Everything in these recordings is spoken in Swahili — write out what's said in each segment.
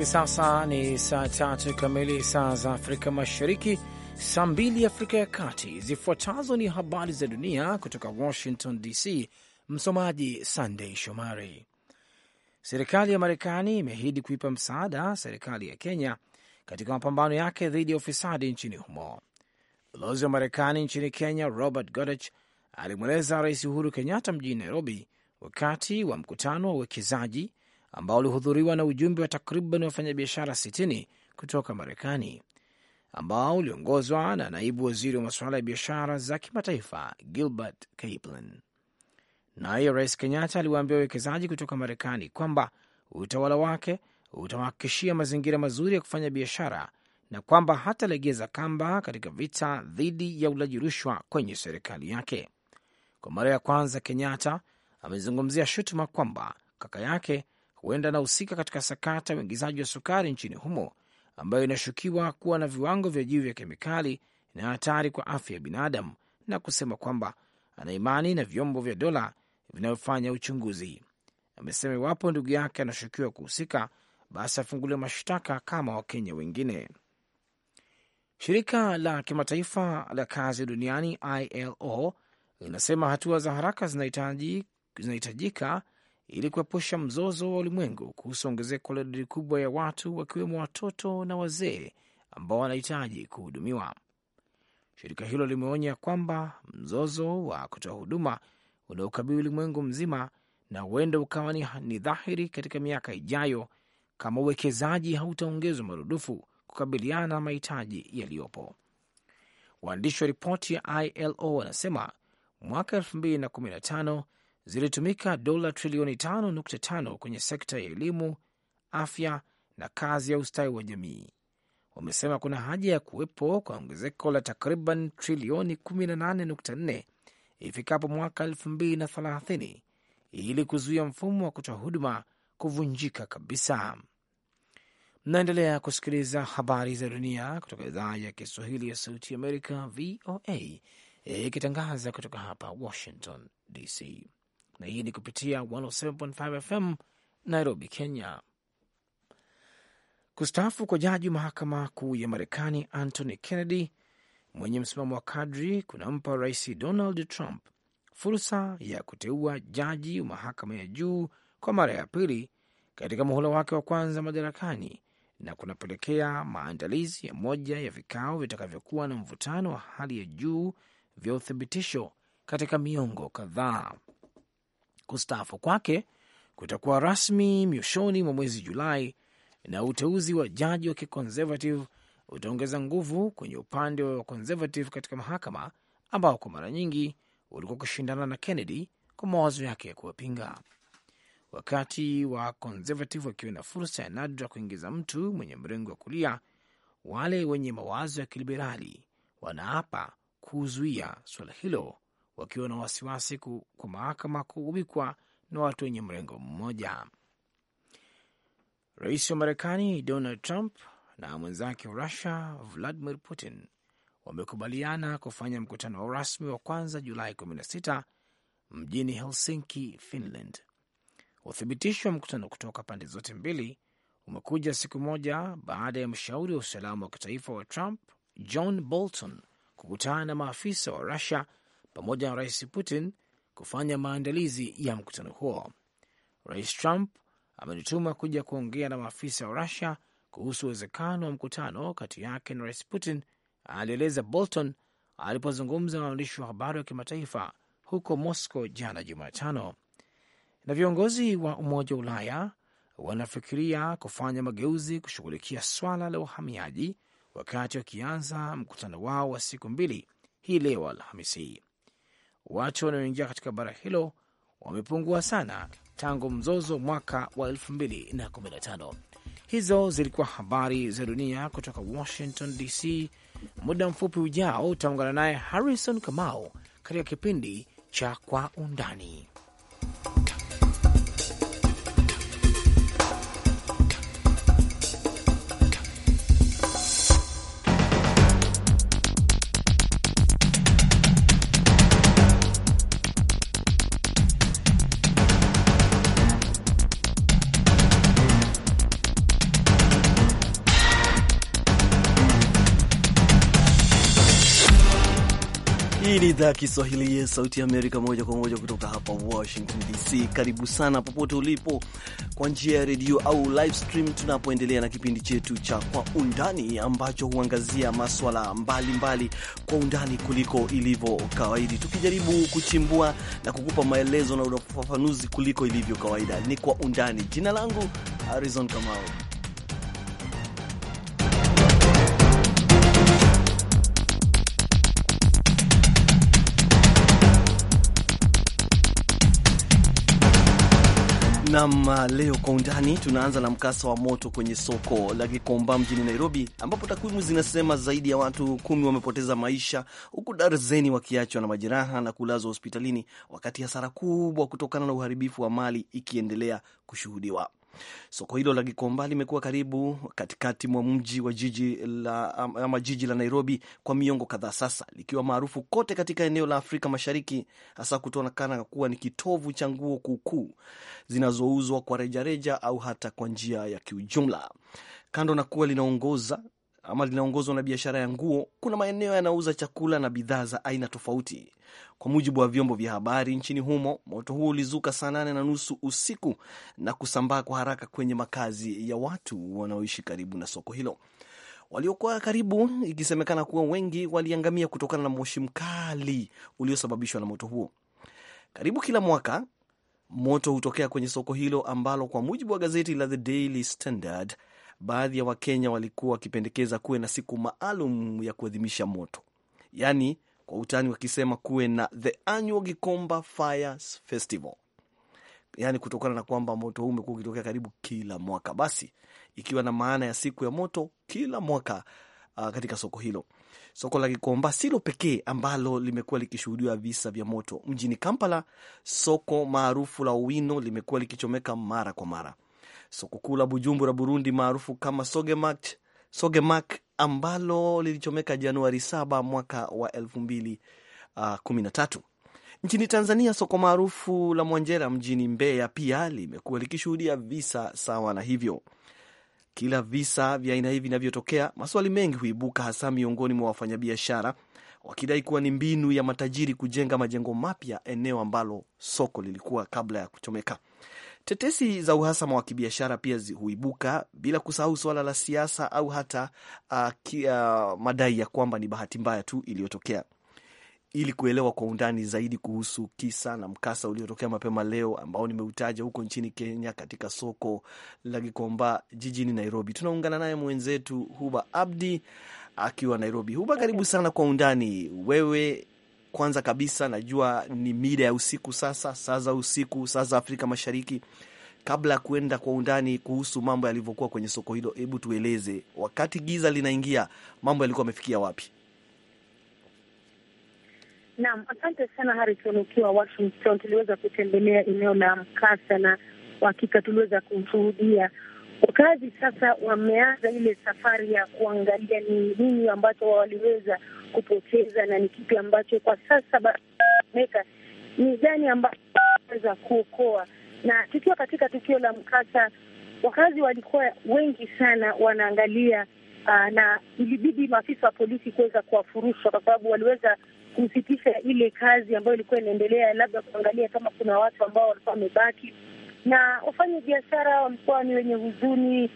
hivi sasa ni saa tatu kamili saa za Afrika Mashariki, saa mbili Afrika ya Kati. Zifuatazo ni habari za dunia kutoka Washington DC. Msomaji Sandei Shomari. Serikali ya Marekani imeahidi kuipa msaada serikali ya Kenya katika mapambano yake dhidi ya ufisadi nchini humo. Balozi wa Marekani nchini Kenya Robert Godech alimweleza Rais Uhuru Kenyatta mjini Nairobi wakati wa mkutano wa uwekezaji ambao ulihudhuriwa na ujumbe wa takriban wafanyabiashara 60 kutoka Marekani, ambao uliongozwa na naibu waziri wa masuala ya biashara za kimataifa Gilbert Kaplan. Naye Rais Kenyatta aliwaambia wawekezaji kutoka Marekani kwamba utawala wake utawahakikishia mazingira mazuri ya kufanya biashara na kwamba hatalegeza kamba katika vita dhidi ya ulaji rushwa kwenye serikali yake. Kwa mara ya kwanza, Kenyatta amezungumzia shutuma kwamba kaka yake huenda anahusika katika sakata uingizaji wa sukari nchini humo ambayo inashukiwa kuwa na viwango vya juu vya kemikali na hatari kwa afya ya binadamu, na kusema kwamba ana imani na vyombo vya dola vinavyofanya uchunguzi. Amesema iwapo ndugu yake anashukiwa kuhusika, basi afungulie mashtaka kama Wakenya wengine. Shirika la kimataifa la kazi duniani ILO linasema hatua za haraka zinahitajika ili kuepusha mzozo wa ulimwengu kuhusu ongezeko la idadi kubwa ya watu wakiwemo watoto na wazee ambao wanahitaji kuhudumiwa. Shirika hilo limeonya kwamba mzozo wa kutoa huduma unaokabili ulimwengu mzima na huenda ukawa ni dhahiri katika miaka ijayo kama uwekezaji hautaongezwa marudufu kukabiliana na mahitaji yaliyopo. Waandishi wa ripoti ya ILO wanasema mwaka 215 zilitumika dola trilioni 5.5 kwenye sekta ya elimu, afya na kazi ya ustawi wa jamii. Wamesema kuna haja ya kuwepo kwa ongezeko la takriban trilioni 18.4 ifikapo mwaka 2030 ili kuzuia mfumo wa kutoa huduma kuvunjika kabisa. Mnaendelea kusikiliza habari za dunia kutoka idhaa ya Kiswahili ya Sauti Amerika, VOA, ikitangaza kutoka hapa Washington DC na hii ni kupitia 107.5 FM Nairobi, Kenya. Kustaafu kwa jaji mahakama kuu ya Marekani Anthony Kennedy mwenye msimamo wa kadri kunampa Rais Donald Trump fursa ya kuteua jaji wa mahakama ya juu kwa mara ya pili katika muhula wake wa kwanza madarakani na kunapelekea maandalizi ya moja ya vikao vitakavyokuwa na mvutano wa hali ya juu vya uthibitisho katika miongo kadhaa. Kustaafu kwake kutakuwa rasmi mwishoni mwa mwezi Julai, na uteuzi wa jaji wa kiconservative utaongeza nguvu kwenye upande wa conservative katika mahakama ambao kwa mara nyingi ulikuwa ukishindana na Kennedy kwa mawazo yake ya kuwapinga. Wakati wa conservative wakiwa na fursa ya nadra kuingiza mtu mwenye mrengo wa kulia, wale wenye mawazo ya kiliberali wanaapa kuzuia suala hilo wakiwa na wasiwasi kwa mahakama kuwikwa na watu wenye mrengo mmoja. Rais wa Marekani Donald Trump na mwenzake wa Rusia Vladimir Putin wamekubaliana kufanya mkutano wa rasmi wa kwanza Julai 16 mjini Helsinki, Finland. Uthibitisho wa mkutano kutoka pande zote mbili umekuja siku moja baada ya mshauri wa usalama wa kitaifa wa Trump John Bolton kukutana na maafisa wa Rusia pamoja na Rais Putin kufanya maandalizi ya mkutano huo. Rais Trump amenituma kuja kuongea na maafisa wa Rusia kuhusu uwezekano wa mkutano kati yake na Rais Putin, alieleza Bolton alipozungumza na waandishi wa habari wa kimataifa huko Moscow jana Jumatano. Na viongozi wa Umoja wa Ulaya wanafikiria kufanya mageuzi kushughulikia swala la uhamiaji wakati wakianza mkutano wao wa siku mbili hii leo Alhamisi watu wanaoingia katika bara hilo wamepungua sana tangu mzozo mwaka wa 2015. Hizo zilikuwa habari za dunia kutoka Washington DC. Muda mfupi ujao utaungana naye Harrison Kamau katika kipindi cha Kwa Undani. idhaa ya Kiswahili ya Sauti ya Amerika moja kwa moja kutoka hapa Washington DC. Karibu sana popote ulipo kwa njia ya redio au live stream, tunapoendelea na kipindi chetu cha Kwa Undani ambacho huangazia maswala mbalimbali kwa undani kuliko ilivyo kawaida, tukijaribu kuchimbua na kukupa maelezo na ufafanuzi kuliko ilivyo kawaida. Ni Kwa Undani. Jina langu Harizon Kamau. Nam, leo kwa undani tunaanza na mkasa wa moto kwenye soko la Gikomba mjini Nairobi, ambapo takwimu zinasema zaidi ya watu kumi wamepoteza maisha huku darzeni wakiachwa na majeraha na kulazwa hospitalini, wakati hasara kubwa kutokana na uharibifu wa mali ikiendelea kushuhudiwa. Soko hilo la Gikomba limekuwa karibu katikati mwa mji wa jiji la, ama jiji la Nairobi kwa miongo kadhaa sasa, likiwa maarufu kote katika eneo la Afrika Mashariki, hasa kutokana kuwa ni kitovu cha nguo kuukuu zinazouzwa kwa rejareja au hata kwa njia ya kiujumla. Kando na kuwa linaongoza ama linaongozwa na biashara ya nguo, kuna maeneo yanauza chakula na bidhaa za aina tofauti. Kwa mujibu wa vyombo vya habari nchini humo, moto huo ulizuka saa nane na nusu usiku na kusambaa kwa haraka kwenye makazi ya watu wanaoishi karibu na soko hilo. Waliokuwa karibu, ikisemekana kuwa wengi waliangamia kutokana na moshi mkali uliosababishwa na moto huo. Karibu kila mwaka moto hutokea kwenye soko hilo ambalo kwa mujibu wa gazeti la The Daily Standard baadhi ya Wakenya walikuwa wakipendekeza kuwe na siku maalum ya kuadhimisha moto, yaani kwa utani wakisema kuwe na the annual Gikomba Fires Festival, yaani kutokana na kwamba moto huu umekuwa ukitokea karibu kila mwaka, basi ikiwa na maana ya siku ya moto kila mwaka uh, katika soko hilo. Soko la Gikomba silo pekee ambalo limekuwa likishuhudiwa visa vya moto. Mjini Kampala, soko maarufu la Owino limekuwa likichomeka mara kwa mara. Soko kuu la Bujumbura, Burundi, maarufu kama Sogemak, Sogemak ambalo lilichomeka Januari 7 mwaka wa 2013. Ah, Nchini Tanzania, soko maarufu la Mwanjera mjini Mbeya pia limekuwa likishuhudia visa sawa na hivyo. Kila visa vya aina hii vinavyotokea, maswali mengi huibuka, hasa miongoni mwa wafanyabiashara wakidai kuwa ni mbinu ya matajiri kujenga majengo mapya eneo ambalo soko lilikuwa kabla ya kuchomeka. Tetesi za uhasama wa kibiashara pia huibuka, bila kusahau suala la siasa au hata uh, kia, madai ya kwamba ni bahati mbaya tu iliyotokea. Ili kuelewa kwa undani zaidi kuhusu kisa na mkasa uliotokea mapema leo ambao nimeutaja huko nchini Kenya katika soko la Gikomba jijini Nairobi, tunaungana naye mwenzetu Huba Abdi akiwa Nairobi. Huba, karibu sana kwa undani. Wewe kwanza kabisa najua ni mida ya usiku sasa, saa za usiku, saa za Afrika Mashariki. Kabla ya kuenda kwa undani kuhusu mambo yalivyokuwa kwenye soko hilo, hebu tueleze, wakati giza linaingia, mambo yalikuwa yamefikia wapi? Naam, asante sana Harison, ukiwa Washington. Tuliweza kutembelea eneo la mkasa na hakika tuliweza kushuhudia Wakazi sasa wameanza ile safari ya kuangalia ni nini ambacho waliweza kupoteza na ni kipi ambacho kwa sasa baameka ni gani ambacho waweza kuokoa. Na tukiwa katika tukio la mkasa, wakazi walikuwa wengi sana wanaangalia aa, ah, na ilibidi maafisa wa polisi kuweza kuwafurusha kwa sababu waliweza kusitisha ile kazi ambayo ilikuwa inaendelea, labda kuangalia kama kuna watu ambao walikuwa wamebaki na wafanya biashara wamekuwa ni wenye huzuni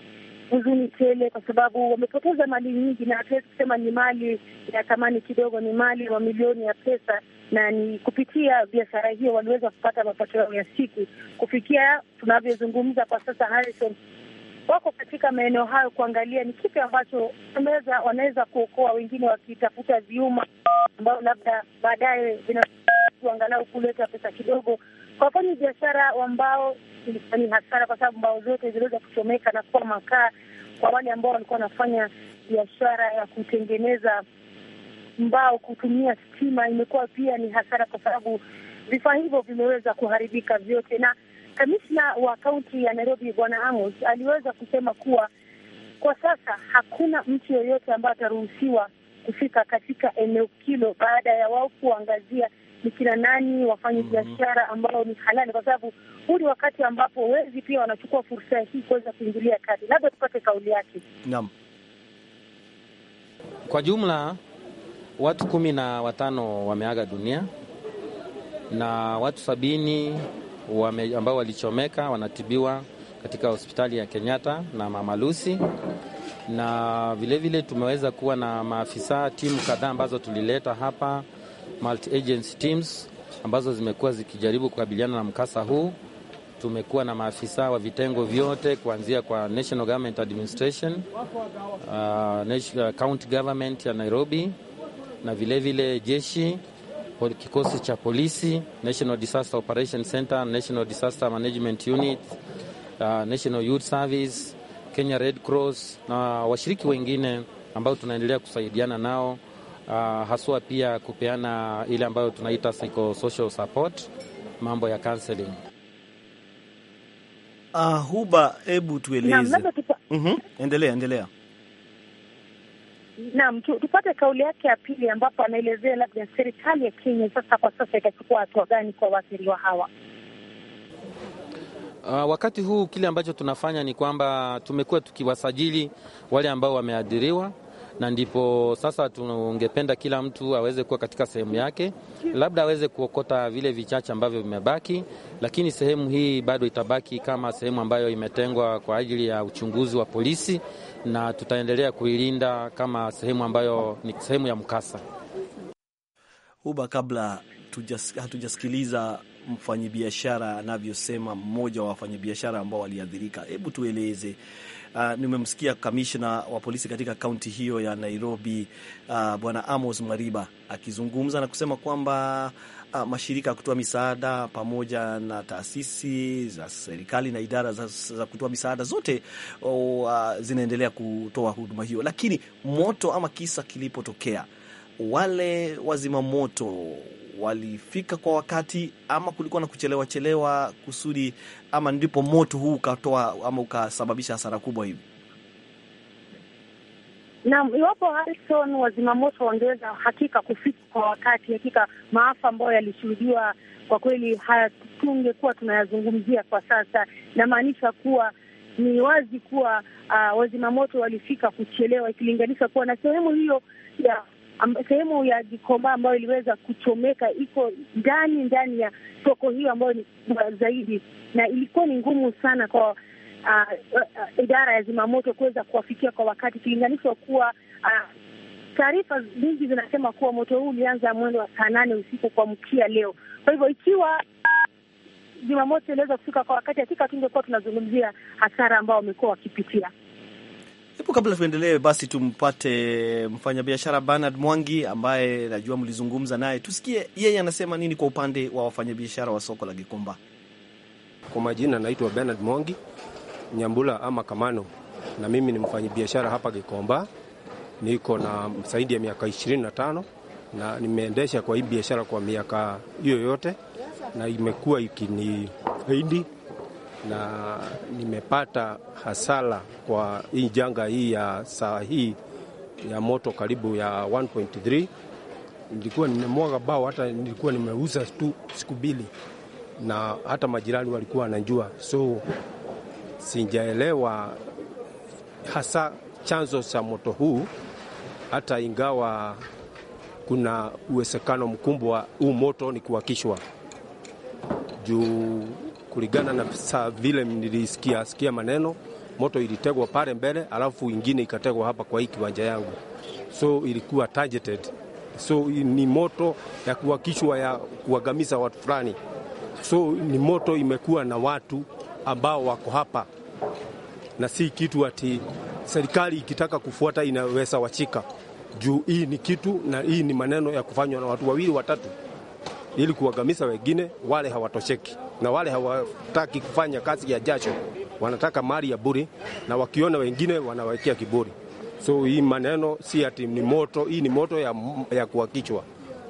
huzuni tele, kwa sababu wamepoteza mali nyingi, na hatuwezi kusema ni mali ya thamani kidogo, ni mali mamilioni ya pesa, na ni kupitia biashara hiyo waliweza kupata mapato yao ya siku. Kufikia tunavyozungumza kwa sasa, Harrison wako katika maeneo hayo kuangalia ni kipi ambacho wanaweza wanaweza kuokoa, wengine wakitafuta vyuma ambao labda baadaye vinaangalau kuleta pesa kidogo kwa wafanya biashara wa mbao ni hasara, kwa sababu mbao zote ziliweza kuchomeka na kuwa makaa kwa wale ambao walikuwa wanafanya biashara ya kutengeneza mbao kutumia stima. Imekuwa pia ni hasara, kwa sababu vifaa hivyo vimeweza kuharibika vyote. Na kamishna wa kaunti ya Nairobi Bwana Amos aliweza kusema kuwa kwa sasa hakuna mtu yoyote ambaye ataruhusiwa kufika katika eneo hilo baada ya wao kuangazia ni kina nani wafanye mhm. biashara mm -hmm. ambao ni halali, kwa sababu huu ni wakati ambapo wezi pia wanachukua fursa hii kuweza kuingilia kati. Labda tupate kauli yake. Naam, kwa jumla watu kumi na watano wameaga dunia na watu sabini wame, ambao walichomeka wanatibiwa katika hospitali ya Kenyatta na Mama Lucy na vilevile vile tumeweza kuwa na maafisa timu kadhaa ambazo tulileta hapa multi agency teams ambazo zimekuwa zikijaribu kukabiliana na mkasa huu. Tumekuwa na maafisa wa vitengo vyote kuanzia kwa National Government Administration, uh, uh county government ya Nairobi na vilevile vile jeshi, kikosi cha polisi, National Disaster Operation Center, National Disaster Management Unit, uh, National Youth Service, Kenya Red Cross na washiriki wengine ambao tunaendelea kusaidiana nao uh, haswa pia kupeana ile ambayo tunaita psychosocial support, mambo ya counseling. Ah, Huba, hebu tueleze. Mm-hmm. Endelea, endelea. Naam, tupate kauli yake ya pili ambapo anaelezea labda serikali ya Kenya sasa kwa sasa itachukua hatua gani kwa waathiriwa hawa. Uh, wakati huu kile ambacho tunafanya ni kwamba tumekuwa tukiwasajili wale ambao wameadhiriwa na ndipo sasa tungependa kila mtu aweze kuwa katika sehemu yake, labda aweze kuokota vile vichache ambavyo vimebaki, lakini sehemu hii bado itabaki kama sehemu ambayo imetengwa kwa ajili ya uchunguzi wa polisi, na tutaendelea kuilinda kama sehemu ambayo ni sehemu ya mkasa uba. Kabla hatujasikiliza mfanyabiashara anavyosema, mmoja wa wafanyabiashara ambao waliathirika, hebu tueleze Uh, nimemsikia kamishna wa polisi katika kaunti hiyo ya Nairobi, uh, bwana Amos Mariba akizungumza na kusema kwamba uh, mashirika ya kutoa misaada pamoja na taasisi za serikali na idara za, za kutoa misaada zote uh, zinaendelea kutoa huduma hiyo, lakini moto ama kisa kilipotokea wale wazima moto walifika kwa wakati ama kulikuwa na kuchelewa chelewa kusudi, ama ndipo moto huu ukatoa ama ukasababisha hasara kubwa hivi? Naam, iwapo Harrison wazimamoto wangeweza hakika kufika kwa wakati, hakika maafa ambayo yalishuhudiwa kwa kweli hatungekuwa tunayazungumzia kwa sasa. Namaanisha kuwa ni wazi kuwa uh, wazimamoto walifika kuchelewa ikilinganisha kuwa na sehemu hiyo ya sehemu ya Gikomba ambayo iliweza kuchomeka iko ndani ndani ya soko hiyo ambayo ni kubwa zaidi, na ilikuwa ni ngumu sana kwa uh, uh, idara ya zimamoto kuweza kuwafikia kwa wakati, ikilinganishwa kuwa uh, taarifa nyingi zinasema kuwa moto huu ulianza mwendo wa saa nane usiku mkia leo. Kwa hivyo ikiwa zimamoto inaweza kufika kwa wakati, hakika tungekuwa tunazungumzia hasara ambao wamekuwa wakipitia. Hebu kabla tuendelee, basi tumpate mfanyabiashara Bernard Mwangi ambaye najua mlizungumza naye, tusikie yeye anasema nini kwa upande wa wafanyabiashara wa soko la Gikomba. Kwa majina naitwa Bernard Mwangi Nyambula ama Kamano, na mimi ni mfanyabiashara hapa Gikomba. Niko na zaidi ya miaka 25 na nimeendesha kwa hii biashara kwa miaka hiyo yote, na imekuwa ikinifaidi na nimepata hasara kwa hii janga hii ya saa hii ya moto karibu ya 1.3. Nilikuwa nimemwaga bao, hata nilikuwa nimeuza tu siku mbili, na hata majirani walikuwa wanajua, so sijaelewa hasa chanzo cha moto huu, hata ingawa kuna uwezekano mkubwa huu moto ni kuwakishwa juu kulingana na saa vile nilisikia sikia maneno, moto ilitegwa pale mbele, alafu ingine ikategwa hapa kwa hii kiwanja yangu, so ilikuwa targeted. So ni moto ya kuwakishwa ya kuwagamiza watu fulani, so ni moto imekuwa na watu ambao wako hapa, na si kitu ati serikali ikitaka kufuata inaweza wachika juu hii ni kitu na hii ni maneno ya kufanywa na watu wawili watatu, ili kuwagamiza wengine wale hawatosheki na wale hawataki kufanya kazi ya jasho, wanataka mali ya bure, na wakiona wengine wanawekea kiburi. So hii maneno si ati ni moto, hii ni moto ya, ya kuwakichwa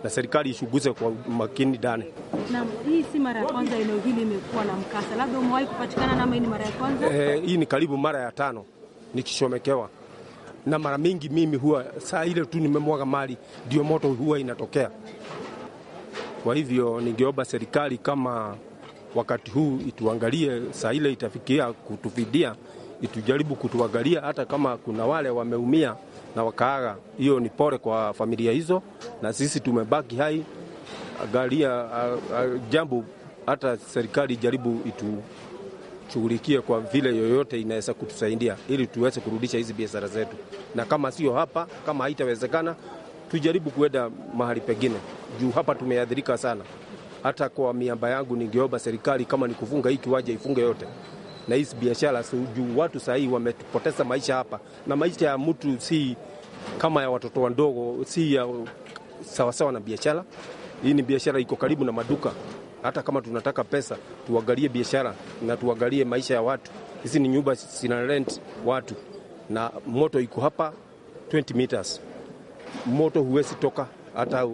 na serikali ishuguze kwa makini dane. Naam, hii si mara ya kwanza eneo hili imekuwa na mkasa. Labda umewahi kupatikana na hii ni mara ya kwanza? Eh, hii ni karibu mara ya tano nikichomekewa. Na mara mingi mimi huwa saa ile tu nimemwaga mali ndio moto huwa inatokea. Kwa hivyo ningeomba serikali kama wakati huu ituangalie, saa ile itafikia kutufidia, itujaribu kutuangalia, hata kama kuna wale wameumia na wakaaga. Hiyo ni pole kwa familia hizo, na sisi tumebaki hai. Angalia jambo, hata serikali jaribu itushughulikie kwa vile yoyote inaweza kutusaidia, ili tuweze kurudisha hizi biashara zetu, na kama sio hapa, kama haitawezekana, tujaribu kuenda mahali pengine, juu hapa tumeathirika sana. Hata kwa miamba yangu ningeomba serikali kama ni kufunga hii kiwanja ifunge yote na hizi biashara juu watu sahii wamepoteza maisha hapa, na maisha ya mtu si kama ya watoto wadogo, si ya sawasawa na biashara hii. Ni biashara iko karibu na maduka. Hata kama tunataka pesa, tuangalie biashara na tuangalie maisha ya watu. Hizi ni nyumba zina rent watu, na moto iko hapa 20 meters. Moto huwezi toka hata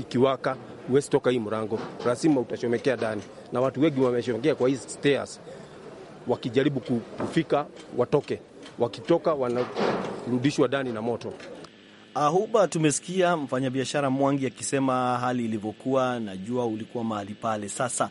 ikiwaka huwezi toka hii mlango, lazima utachomekea ndani, na watu wengi wameshomekea kwa hizi stairs wakijaribu kufika watoke, wakitoka wanarudishwa ndani na moto. Ahuba, ah, tumesikia mfanyabiashara Mwangi akisema hali ilivyokuwa. Najua ulikuwa mahali pale. Sasa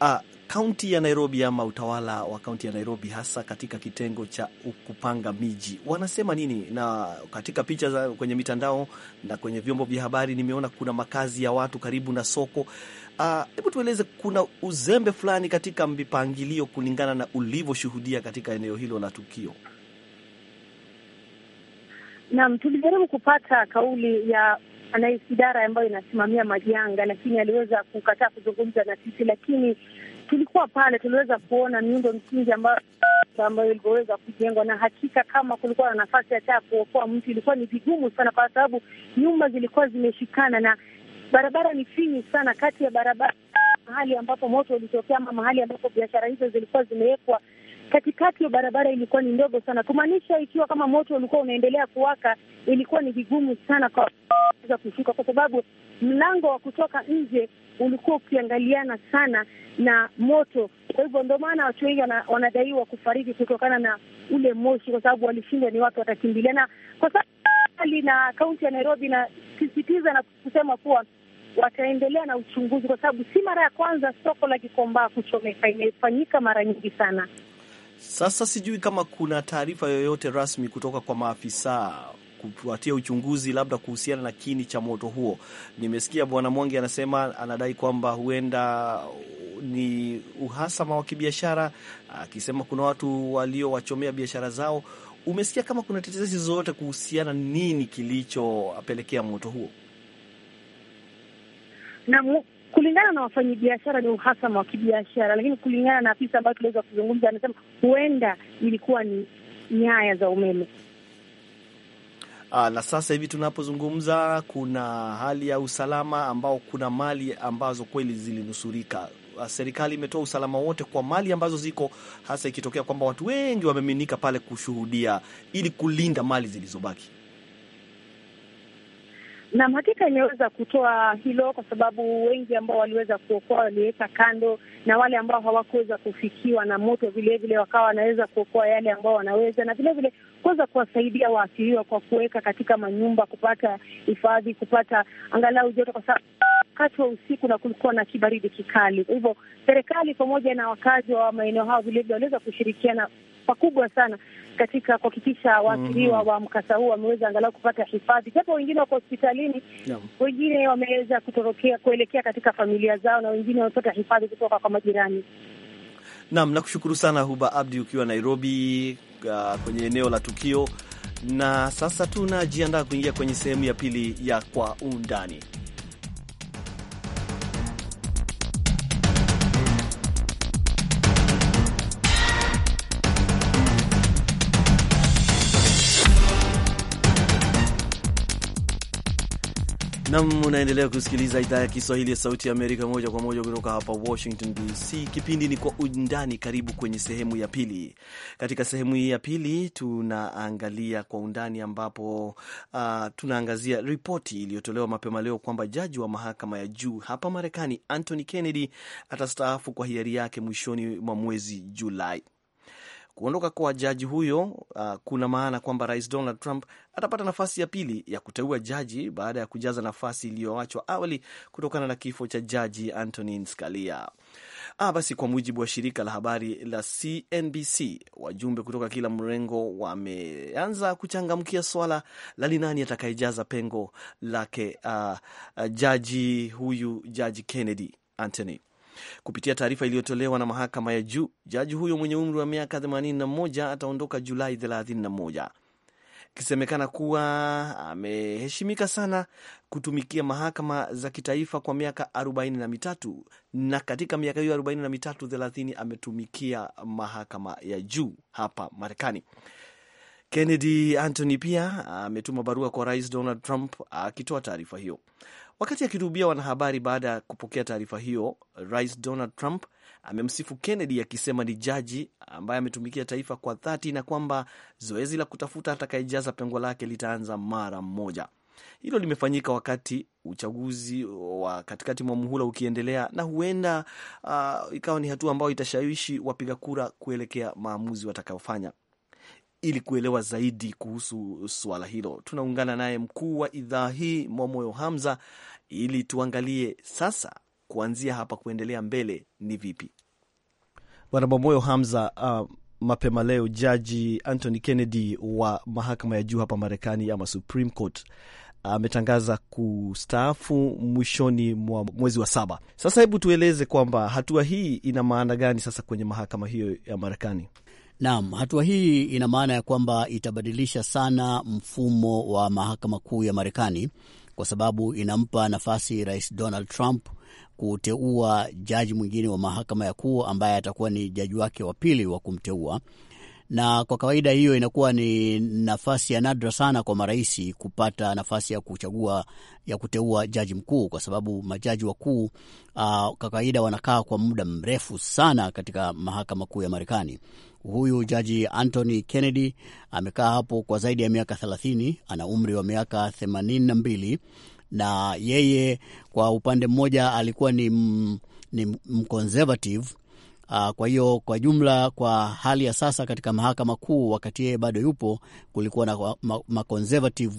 ah, kaunti ya Nairobi ama utawala wa kaunti ya Nairobi, hasa katika kitengo cha kupanga miji, wanasema nini? Na katika picha za kwenye mitandao na kwenye vyombo vya habari nimeona kuna makazi ya watu karibu na soko. Ah, hebu uh, tueleze, kuna uzembe fulani katika mipangilio kulingana na ulivyoshuhudia katika eneo hilo la tukio? Naam, tulijaribu kupata kauli ya anaidara ambayo inasimamia majanga, lakini aliweza kukataa kuzungumza na sisi, lakini tulikuwa pale, tuliweza kuona miundo msingi ambayo ambayo ilivyoweza kujengwa, na hakika kama kulikuwa na nafasi ya taa kuokoa mtu ilikuwa ni vigumu sana, kwa sababu nyumba zilikuwa zimeshikana na barabara ni finyu sana, kati ya barabara mahali ambapo moto ulitokea ama mahali ambapo biashara hizo zilikuwa zimewekwa katikati ya barabara ilikuwa ni ndogo sana, kumaanisha ikiwa kama moto ulikuwa unaendelea kuwaka, ilikuwa ni vigumu sana kwa kushuka, kwa sababu mlango wa kutoka nje ulikuwa ukiangaliana sana na moto. Kwa hivyo ndio maana watu wengi wanadaiwa kufariki kutokana na ule moshi, kwa sababu walishindwa ni watakimbilia, na kwa sababu na kaunti ya Nairobi inasisitiza na kusema kuwa wataendelea na uchunguzi, kwa sababu si mara ya kwanza soko la Gikomba kuchomeka, imefanyika mara nyingi sana. Sasa sijui kama kuna taarifa yoyote rasmi kutoka kwa maafisa kufuatia uchunguzi labda kuhusiana na kini cha moto huo. Nimesikia Bwana Mwangi anasema anadai kwamba huenda ni uhasama wa kibiashara, akisema kuna watu waliowachomea biashara zao. Umesikia kama kuna tetesi zozote kuhusiana nini kilichopelekea moto huo? kulingana na wafanyabiashara ni uhasama wa kibiashara, lakini kulingana na afisa ambayo tuliweza kuzungumza, anasema huenda ilikuwa ni nyaya za umeme. Aa, ah, na sasa hivi tunapozungumza kuna hali ya usalama ambao kuna mali ambazo kweli zilinusurika. Ah, serikali imetoa usalama wote kwa mali ambazo ziko, hasa ikitokea kwamba watu wengi wameminika pale kushuhudia, ili kulinda mali zilizobaki. Naam, hakika imeweza kutoa hilo kwa sababu wengi ambao waliweza kuokoa waliweka kando, na wale ambao hawakuweza kufikiwa na moto vilevile wakawa wanaweza kuokoa yale ambao wanaweza, na vilevile kuweza kuwasaidia waathiriwa kwa kuweka katika manyumba, kupata hifadhi, kupata angalau joto, kwa sababu wakati wa usiku na kulikuwa na kibaridi kikali. Kwa hivyo serikali pamoja na wakazi wa maeneo hao vilevile waliweza kushirikiana pakubwa sana katika kuhakikisha waathiriwa mm-hmm. wa mkasa huu wameweza angalau kupata hifadhi, japo wengine wako hospitalini, wengine wameweza kutorokea kuelekea katika familia zao, na wengine wamepata hifadhi kutoka kwa majirani. Naam, nakushukuru sana Huba Abdi ukiwa Nairobi, uh, kwenye eneo la tukio. Na sasa tunajiandaa kuingia kwenye sehemu ya pili ya kwa undani. Nam, unaendelea kusikiliza idhaa ya Kiswahili ya Sauti ya Amerika moja kwa moja kutoka hapa Washington DC. Kipindi ni Kwa Undani. Karibu kwenye sehemu ya pili. Katika sehemu hii ya pili tunaangalia kwa undani, ambapo uh, tunaangazia ripoti iliyotolewa mapema leo kwamba jaji wa mahakama ya juu hapa Marekani Anthony Kennedy atastaafu kwa hiari yake mwishoni mwa mwezi Julai. Kuondoka kwa jaji huyo uh, kuna maana kwamba rais Donald Trump atapata nafasi ya pili ya kuteua jaji baada ya kujaza nafasi iliyoachwa awali kutokana na kifo cha jaji Antonin Scalia. Ah, basi kwa mujibu wa shirika la habari la CNBC, wajumbe kutoka kila mrengo wameanza kuchangamkia swala la ni nani atakayejaza pengo lake, uh, uh, jaji huyu jaji Kennedy antony Kupitia taarifa iliyotolewa na mahakama ya juu, jaji huyo mwenye umri wa miaka 81 ataondoka Julai 31, ikisemekana kuwa ameheshimika sana kutumikia mahakama za kitaifa kwa miaka 43 na katika miaka hiyo mitatu 30 ametumikia mahakama ya juu hapa Marekani. Kennedy Anthony pia ametuma barua kwa Rais Donald Trump akitoa taarifa hiyo. Wakati akihutubia wanahabari baada ya kupokea taarifa hiyo, Rais Donald Trump amemsifu Kennedy akisema ni jaji ambaye ametumikia taifa kwa dhati na kwamba zoezi la kutafuta atakayejaza pengo lake litaanza mara moja. Hilo limefanyika wakati uchaguzi wa katikati mwa muhula ukiendelea, na huenda uh, ikawa ni hatua ambayo itashawishi wapiga kura kuelekea maamuzi watakayofanya ili kuelewa zaidi kuhusu suala hilo. Tunaungana naye mkuu wa idhaa hii Mwamoyo Hamza ili tuangalie sasa kuanzia hapa kuendelea mbele ni vipi. Bwana Mwamoyo Hamza, uh, mapema leo jaji Anthony Kennedy wa mahakama ya juu hapa Marekani ama Supreme Court ametangaza uh, kustaafu mwishoni mwa mwezi wa saba. Sasa hebu tueleze kwamba hatua hii ina maana gani sasa kwenye mahakama hiyo ya Marekani? Naam, hatua hii ina maana ya kwamba itabadilisha sana mfumo wa mahakama kuu ya Marekani kwa sababu inampa nafasi Rais Donald Trump kuteua jaji mwingine wa mahakama ya kuu ambaye atakuwa ni jaji wake wa pili wa kumteua na kwa kawaida hiyo inakuwa ni nafasi ya nadra sana kwa marais kupata nafasi ya kuchagua ya kuteua jaji mkuu, kwa sababu majaji wakuu uh, kwa kawaida wanakaa kwa muda mrefu sana katika mahakama kuu ya Marekani. Huyu jaji Anthony Kennedy amekaa hapo kwa zaidi ya miaka 30, ana umri wa miaka 82, na yeye kwa upande mmoja alikuwa ni, m, ni mconservative uh, kwa hiyo kwa jumla, kwa hali ya sasa katika mahakama kuu, wakati yeye bado yupo, kulikuwa na maconservative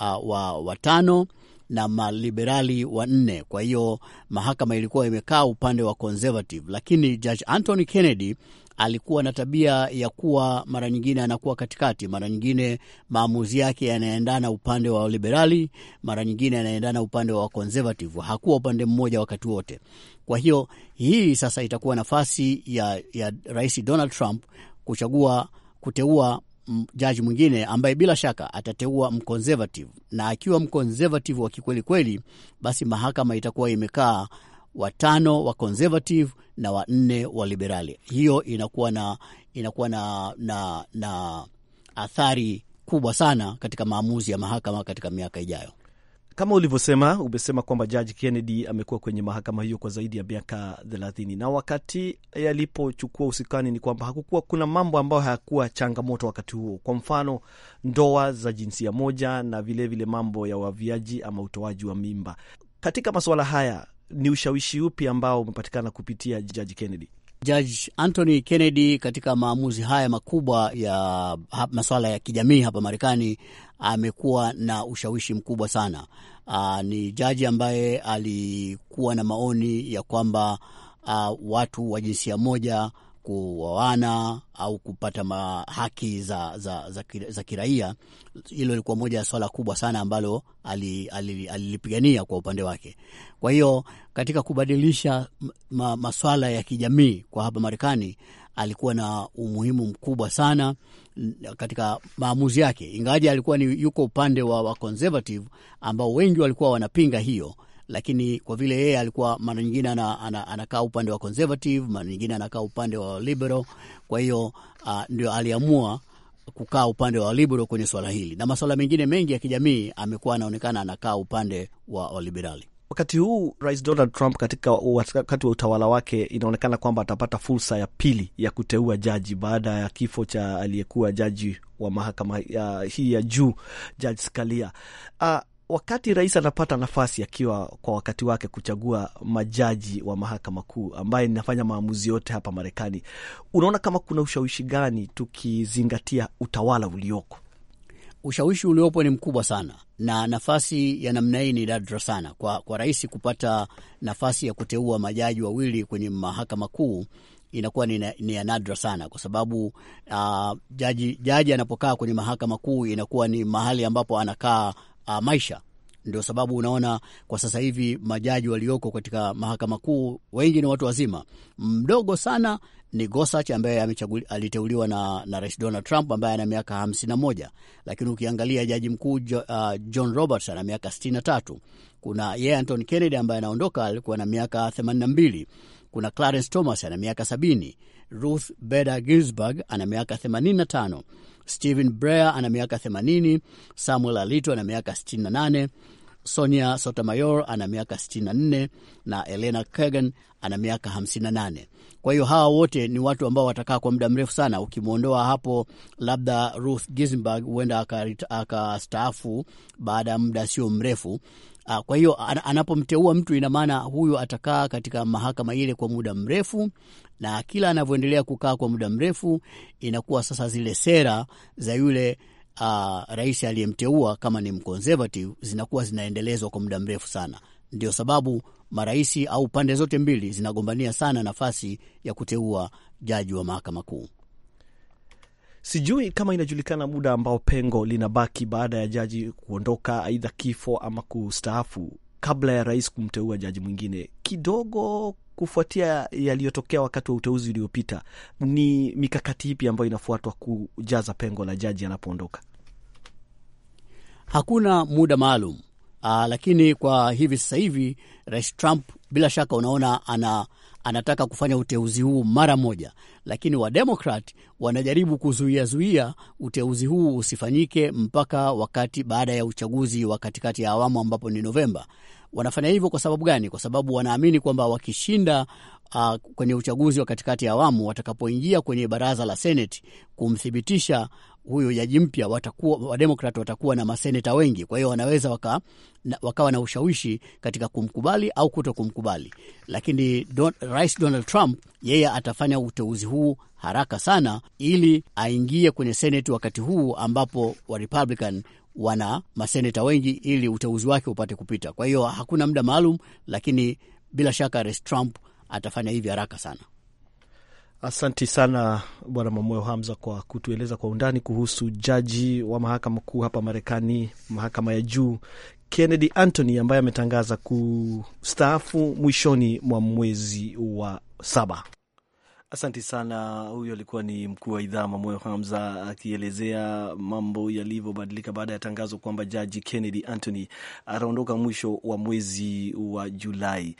uh, wa watano na maliberali wanne. Kwa hiyo mahakama ilikuwa imekaa upande wa conservative, lakini judge Anthony Kennedy alikuwa na tabia ya kuwa mara nyingine anakuwa katikati, mara nyingine maamuzi yake yanaendana upande wa liberali, mara nyingine yanaendana upande wa conservative. Hakuwa upande mmoja wakati wote. Kwa hiyo hii sasa itakuwa nafasi ya, ya Rais Donald Trump kuchagua kuteua jaji mwingine ambaye bila shaka atateua mconservative, na akiwa mconservative wa kikweli kweli, basi mahakama itakuwa imekaa watano wa conservative na wanne wa liberali. Hiyo inakuwa na inakuwa na, na, na athari kubwa sana katika maamuzi ya mahakama katika miaka ijayo. Kama ulivyosema, umesema kwamba Jaji Kennedy amekuwa kwenye mahakama hiyo kwa zaidi ya miaka thelathini, na wakati alipochukua usukani ni kwamba hakukuwa kuna mambo ambayo hayakuwa changamoto wakati huo, kwa mfano ndoa za jinsia moja na vilevile vile mambo ya uaviaji ama utoaji wa mimba. Katika masuala haya ni ushawishi upi ambao umepatikana kupitia Jaji Kennedy? Jaji Anthony Kennedy katika maamuzi haya makubwa ya masuala ya kijamii hapa Marekani amekuwa na ushawishi mkubwa sana. Aa, ah, ni jaji ambaye alikuwa na maoni ya kwamba aa, ah, watu wa jinsia moja kuoana au kupata haki za, za, za, za kiraia. Hilo ilikuwa moja ya swala kubwa sana ambalo alilipigania ali, ali kwa upande wake. Kwa hiyo katika kubadilisha ma, maswala ya kijamii kwa hapa Marekani alikuwa na umuhimu mkubwa sana katika maamuzi yake, ingawaji alikuwa ni yuko upande wa, wa conservative ambao wengi walikuwa wanapinga hiyo lakini kwa vile yeye alikuwa mara nyingine anakaa ana, ana upande wa conservative, mara nyingine anakaa upande wa liberal. Kwa hiyo uh, ndio aliamua kukaa upande wa liberal kwenye swala hili, na masuala mengine mengi ya kijamii amekuwa anaonekana anakaa upande wa, wa liberali. Wakati huu Rais Donald Trump katika wakati wa utawala wake, inaonekana kwamba atapata fursa ya pili ya kuteua jaji baada ya kifo cha aliyekuwa jaji wa mahakama hii ya juu Jaji Scalia. Uh, wakati rais anapata nafasi akiwa kwa wakati wake kuchagua majaji wa mahakama kuu ambaye inafanya maamuzi yote hapa Marekani, unaona kama kuna ushawishi gani tukizingatia utawala ulioko? Ushawishi uliopo ni mkubwa sana, na nafasi ya namna hii ni nadra sana kwa, kwa rais kupata nafasi ya kuteua majaji wawili kwenye mahakama kuu inakuwa ni, ni ya nadra sana kwa sababu uh, jaji jaji anapokaa kwenye mahakama kuu inakuwa ni mahali ambapo anakaa uh, maisha. Ndio sababu unaona kwa sasa hivi majaji walioko katika mahakama kuu wengi ni watu wazima. Mdogo sana ni Gosach ambaye aliteuliwa na, na Rais Donald Trump ambaye ana miaka hamsini na moja, lakini ukiangalia jaji mkuu jo, uh, John Roberts ana miaka sitini na tatu. Kuna yeye Anton Kennedy ambaye anaondoka alikuwa na miaka themanini na mbili. Kuna Clarence Thomas ana miaka sabini. Ruth Bader Ginsburg ana miaka themanini na tano. Stephen Breyer ana miaka 80, Samuel Alito ana miaka 68, Sonia Sotomayor ana miaka 64 na Elena Kagan ana miaka 58. Kwa hiyo hawa wote ni watu ambao watakaa kwa muda mrefu sana, ukimwondoa hapo labda Ruth Ginsburg huenda akastaafu baada ya muda sio mrefu, Ah, kwa hiyo anapomteua mtu, ina maana huyu atakaa katika mahakama ile kwa muda mrefu, na kila anavyoendelea kukaa kwa muda mrefu, inakuwa sasa zile sera za yule uh, rais aliyemteua kama ni mconservative zinakuwa zinaendelezwa kwa muda mrefu sana. Ndio sababu marais au pande zote mbili zinagombania sana nafasi ya kuteua jaji wa mahakama kuu. Sijui kama inajulikana muda ambao pengo linabaki baada ya jaji kuondoka, aidha kifo ama kustaafu, kabla ya rais kumteua jaji mwingine, kidogo kufuatia yaliyotokea wakati wa uteuzi uliopita. Ni mikakati ipi ambayo inafuatwa kujaza pengo la jaji anapoondoka? Hakuna muda maalum. Aa, lakini kwa hivi sasa hivi Rais Trump bila shaka unaona ana anataka kufanya uteuzi huu mara moja, lakini Wademokrat wanajaribu kuzuiazuia uteuzi huu usifanyike mpaka wakati baada ya uchaguzi wa katikati ya awamu ambapo ni Novemba. Wanafanya hivyo kwa sababu gani? Kwa sababu wanaamini kwamba wakishinda uh, kwenye uchaguzi wa katikati ya awamu, watakapoingia kwenye baraza la Seneti kumthibitisha huyu jaji mpya watakuwa Wademokrat watakuwa na maseneta wengi, kwa hiyo wanaweza waka, na, wakawa na ushawishi katika kumkubali au kuto kumkubali. Lakini don, Rais Donald Trump yeye atafanya uteuzi huu haraka sana ili aingie kwenye seneti wakati huu ambapo warpublican wana maseneta wengi ili uteuzi wake upate kupita. Kwa hiyo hakuna muda maalum, lakini bila shaka Rais Trump atafanya hivi haraka sana. Asanti sana Bwana mamoyo Hamza kwa kutueleza kwa undani kuhusu jaji wa mahakama kuu hapa Marekani, mahakama ya juu Kennedy Anthony ambaye ametangaza kustaafu mwishoni mwa mwezi wa saba. Asanti sana. Huyo alikuwa ni mkuu wa idhaa mamoyo Hamza akielezea mambo yalivyobadilika baada ya tangazo kwamba jaji Kennedy Anthony ataondoka mwisho wa mwezi wa Julai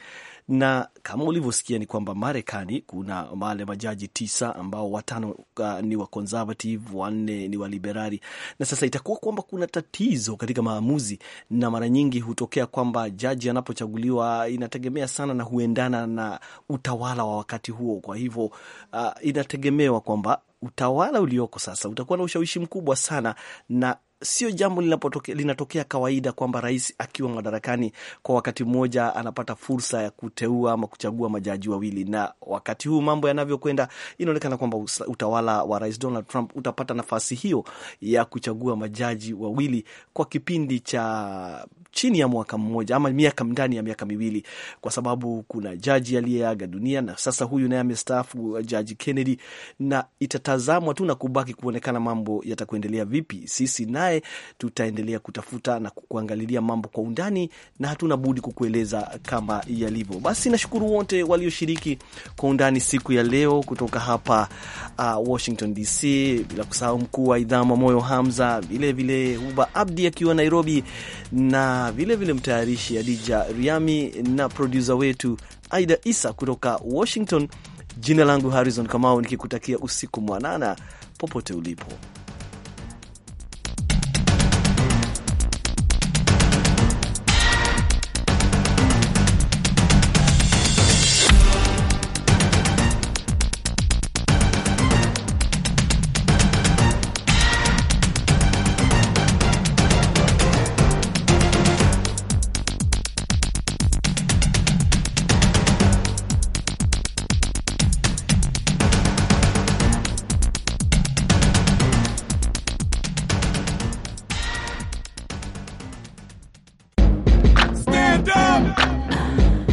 na kama ulivyosikia ni kwamba Marekani kuna wale majaji tisa ambao watano uh, ni wa conservative, wanne ni wa liberali, na sasa itakuwa kwamba kuna tatizo katika maamuzi, na mara nyingi hutokea kwamba jaji anapochaguliwa inategemea sana na huendana na utawala wa wakati huo. Kwa hivyo uh, inategemewa kwamba utawala ulioko sasa utakuwa na ushawishi mkubwa sana na sio jambo linatokea kawaida kwamba rais akiwa madarakani kwa wakati mmoja anapata fursa ya kuteua ama kuchagua majaji wawili, na wakati huu mambo yanavyokwenda, inaonekana kwamba utawala wa rais Donald Trump utapata nafasi hiyo ya kuchagua majaji wawili kwa kipindi cha chini ya mwaka mmoja ama miaka ndani ya miaka miwili, kwa sababu kuna jaji aliyeaga dunia na sasa huyu naye amestaafu, uh, Jaji Kennedy, na itatazamwa tu na kubaki kuonekana mambo yatakuendelea vipi. Sisi naye tutaendelea kutafuta na kuangalilia mambo kwa undani, na hatuna budi kukueleza kama yalivyo. Basi nashukuru wote walioshiriki kwa undani siku ya leo kutoka hapa uh, Washington DC, bila kusahau mkuu wa idhaa Mwamoyo Hamza, vilevile Huba Abdi akiwa Nairobi na vilevile vilevile mtayarishi Adija Riami na produsa wetu Aida Isa kutoka Washington. Jina langu Harrison Kamau nikikutakia usiku mwanana popote ulipo.